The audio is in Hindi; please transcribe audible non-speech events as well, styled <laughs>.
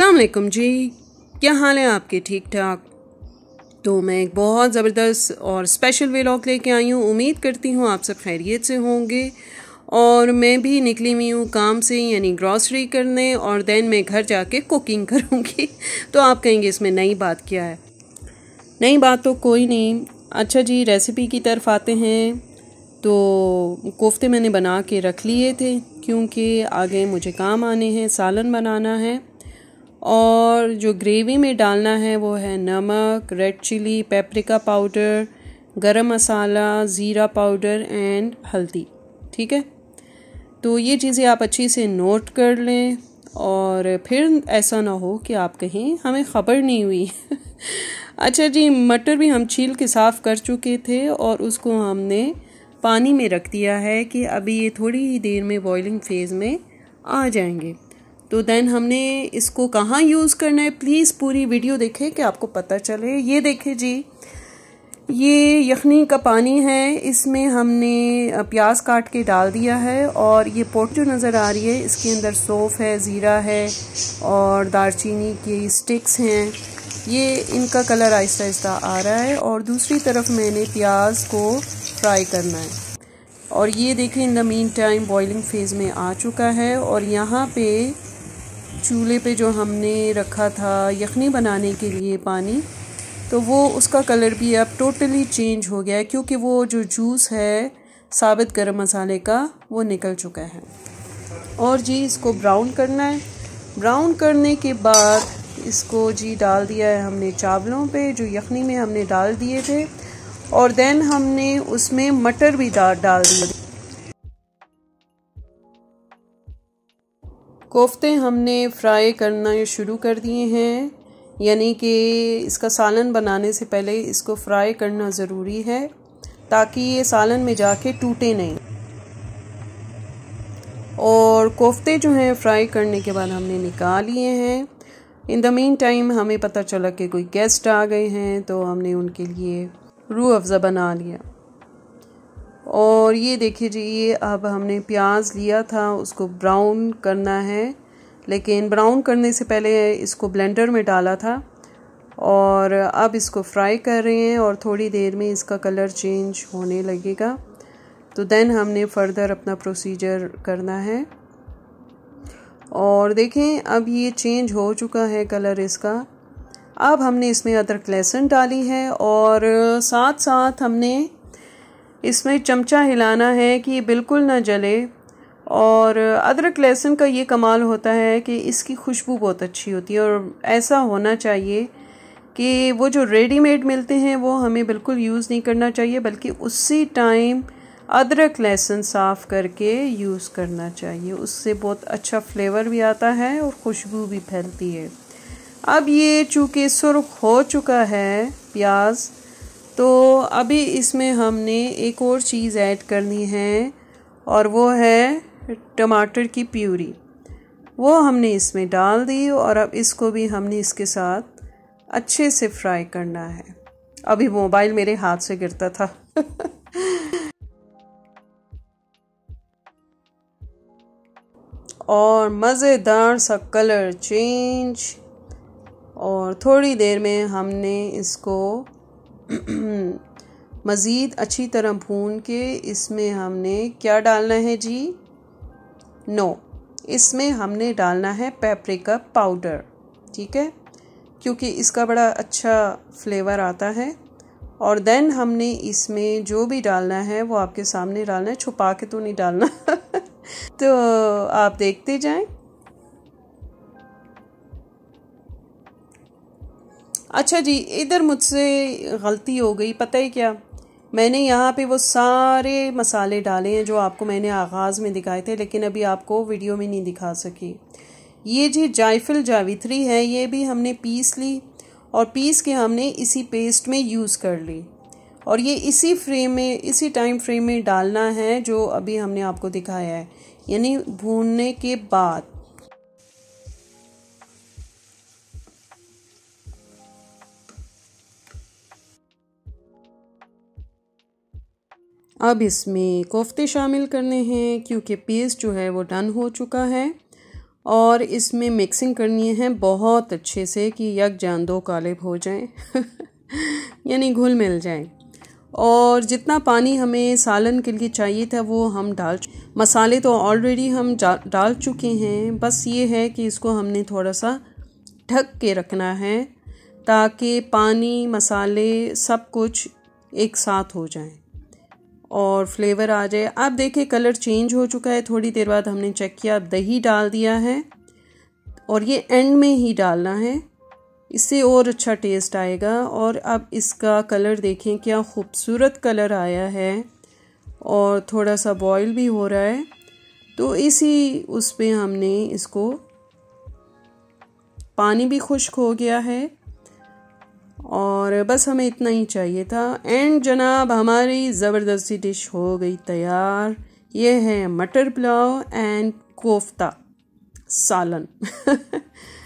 अलकुम जी क्या हाल है आपके ठीक ठाक तो मैं एक बहुत ज़बरदस्त और स्पेशल वेलॉग लेके आई हूँ उम्मीद करती हूँ आप सब खैरियत से होंगे और मैं भी निकली हुई हूँ काम से यानी ग्रॉसरी करने और देन मैं घर जाके कुकिंग <laughs> करूँगी तो आप कहेंगे इसमें नई बात क्या है नई बात तो कोई नहीं अच्छा जी रेसिपी की तरफ आते हैं तो कोफ्ते मैंने बना के रख लिए थे क्योंकि आगे मुझे काम आने हैं सालन बनाना है और जो ग्रेवी में डालना है वो है नमक red chili paprika powder garam masala ज़ीरा पाउडर एंड हल्दी ठीक है तो ये चीज़ें आप अच्छी से नोट कर लें और फिर ऐसा ना हो कि आप कहें हमें ख़बर नहीं हुई <laughs> अच्छा जी मटर भी हम छील के साफ़ कर चुके थे और उसको हमने पानी में रख दिया है कि अभी ये थोड़ी ही देर में बॉइलिंग फेज़ में आ जाएंगे तो देन हमने इसको कहाँ यूज़ करना है प्लीज़ पूरी वीडियो देखें कि आपको पता चले ये देखें जी ये यखनी का पानी है इसमें हमने प्याज काट के डाल दिया है और ये पोट जो नज़र आ रही है इसके अंदर सौफ़ है ज़ीरा है और दारचीनी की स्टिक्स हैं ये इनका कलर आहिस्ता आहिस्ता आ रहा है और दूसरी तरफ मैंने प्याज को फ्राई करना है और ये देखें in the meantime boiling phase में आ चुका है और यहाँ पे चूल्हे पे जो हमने रखा था यखनी बनाने के लिए पानी तो वो उसका कलर भी अब टोटली चेंज हो गया है क्योंकि वो जो जूस है साबित गर्म मसाले का वो निकल चुका है और जी इसको ब्राउन करना है ब्राउन करने के बाद इसको जी डाल दिया है हमने चावलों पे जो यखनी में हमने डाल दिए थे और देन हमने उसमें मटर भी डाल डाल दिए कोफ्ते हमने फ्राई करना शुरू कर दिए हैं यानी कि इसका सालन बनाने से पहले इसको फ्राई करना ज़रूरी है ताकि ये सालन में जाके टूटे नहीं और कोफ्ते जो हैं फ्राई करने के बाद हमने निकाल लिए हैं इन द मेन टाइम हमें पता चला कि कोई गेस्ट आ गए हैं तो हमने उनके लिए रूह अफ़ज़ा बना लिया और ये देखिए जी ये अब हमने प्याज लिया था उसको ब्राउन करना है लेकिन ब्राउन करने से पहले इसको ब्लेंडर में डाला था और अब इसको फ्राई कर रहे हैं और थोड़ी देर में इसका कलर चेंज होने लगेगा तो देन हमने फर्दर अपना प्रोसीजर करना है और देखें अब ये चेंज हो चुका है कलर इसका अब हमने इसमें अदरक लहसुन डाली है और साथ साथ हमने इसमें चमचा हिलाना है कि ये बिल्कुल ना जले और अदरक लहसुन का ये कमाल होता है कि इसकी खुशबू बहुत अच्छी होती है और ऐसा होना चाहिए कि वो जो रेडीमेड मिलते हैं वो हमें बिल्कुल यूज़ नहीं करना चाहिए बल्कि उसी टाइम अदरक लहसुन साफ़ करके यूज़ करना चाहिए उससे बहुत अच्छा फ्लेवर भी आता है और खुशबू भी फैलती है अब ये चूँकि सुरख हो चुका है प्याज़ तो अभी इसमें हमने एक और चीज़ ऐड करनी है और वो है टमाटर की प्यूरी वो हमने इसमें डाल दी और अब इसको भी हमने इसके साथ अच्छे से फ्राई करना है अभी मोबाइल मेरे हाथ से गिरता था <laughs> और मज़ेदार सा कलर चेंज और थोड़ी देर में हमने इसको <clears throat> मज़ीद अच्छी तरह भून के इसमें हमने क्या डालना है जी नो इसमें हमने डालना है पेपरिका पाउडर ठीक है क्योंकि इसका बड़ा अच्छा फ्लेवर आता है और देन हमने इसमें जो भी डालना है वो आपके सामने डालना है छुपा के तो नहीं डालना <laughs> तो आप देखते जाएं अच्छा जी इधर मुझसे गलती हो गई पता ही क्या मैंने यहाँ पे वो सारे मसाले डाले हैं जो आपको मैंने आगाज़ में दिखाए थे लेकिन अभी आपको वीडियो में नहीं दिखा सकी ये जी जायफल जावित्री है ये भी हमने पीस ली और पीस के हमने इसी पेस्ट में यूज़ कर ली और ये इसी फ्रेम में इसी टाइम फ्रेम में डालना है जो अभी हमने आपको दिखाया है यानी भूनने के बाद अब इसमें कोफ्ते शामिल करने हैं क्योंकि पेस्ट जो है वो डन हो चुका है और इसमें मिक्सिंग करनी है बहुत अच्छे से कि यकजान दो कालेब हो जाए <laughs> यानी घुल मिल जाए और जितना पानी हमें सालन के लिए चाहिए था वो हम डाल मसाले तो ऑलरेडी हम डाल चुके हैं बस ये है कि इसको हमने थोड़ा सा ढक के रखना है ताकि पानी मसाले सब कुछ एक साथ हो जाएं और फ्लेवर आ जाए आप देखें कलर चेंज हो चुका है थोड़ी देर बाद हमने चेक किया अब दही डाल दिया है और ये एंड में ही डालना है इससे और अच्छा टेस्ट आएगा और अब इसका कलर देखें क्या खूबसूरत कलर आया है और थोड़ा सा बॉईल भी हो रहा है तो इसी उस पर हमने इसको पानी भी खुश्क हो गया है और बस हमें इतना ही चाहिए था एंड जनाब हमारी ज़बरदस्ती डिश हो गई तैयार ये है मटर पुलाव एंड कोफ्ता सालन <laughs>